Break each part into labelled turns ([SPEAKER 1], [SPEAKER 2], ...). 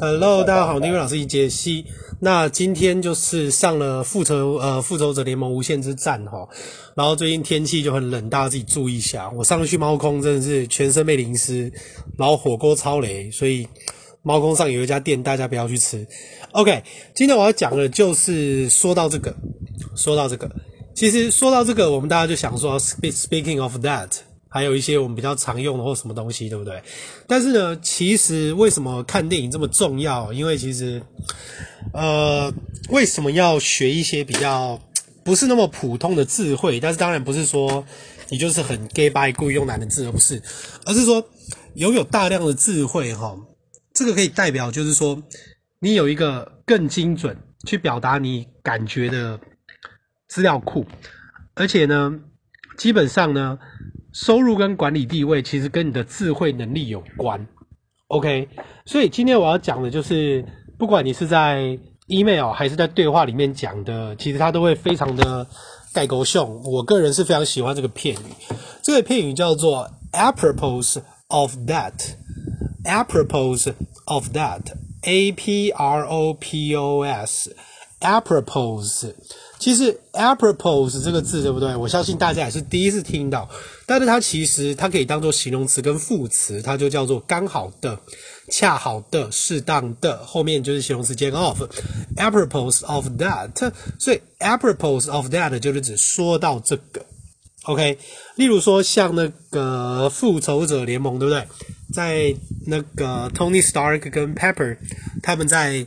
[SPEAKER 1] Hello，大家好，我是英文 老師，是傑西。那今天就是上了復仇呃復仇者聯盟無限之戰哈，然後最近天氣就很冷，大家自己注意一下。我上去貓空真的是全身被淋濕，然後火鍋超雷，所以貓空上有一家店大家不要去吃。OK，今天我要講的就是說到這個，說到這個，其實說到這個，我們大家就想說 spe Speaking of that。還有一些我們比較常用的或什麼東西，對不對？但是呢，其實為什麼看電影這麼重要？因為其實，呃，為什麼要學一些比較不是那麼普通的智慧？但是當然不是說你就是很 gay by 故意用難的字，而不是，而是說擁有大量的智慧哈，這個可以代表就是說你有一個更精準去表達你感覺的資料庫，而且呢，基本上呢。收入跟管理地位其實跟你的智慧能力有關，OK？所以今天我要講的就是，不管你是在 email 還是在對話裡面講的，其實它都會非常的概括凶。我個人是非常喜歡這個片語，這個片語叫做 apropos of that，apropos of that，A P R O P O S。Apropos, 其實 apropos 這個字對不對？我相信大家也是第一次聽到，但是它其實它可以當做形容詞跟副詞，它就叫做剛好的、恰好的、適當的。後面就是形容詞接個 off，apropos of that，所以 apropos of that 就是指說到這個。OK，例如說像那個復仇者聯盟，對不對？在那個 Tony Stark 跟 Pepper 他們在。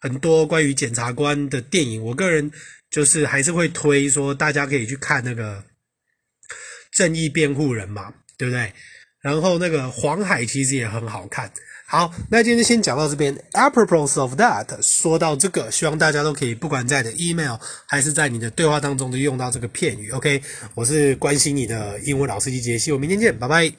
[SPEAKER 1] 很多關於檢察官的電影，我個人就是還是會推說，大家可以去看那個《正義辯護人》嘛，對不對？然後那個《黃海》其實也很好看。好，那今天就先講到這邊。Apropos of that，說到這個，希望大家都可以，不管在你的 email 還是在你的對話當中，都用到這個片語。OK，我是關心你的英文老師機傑西，我明天見，拜拜。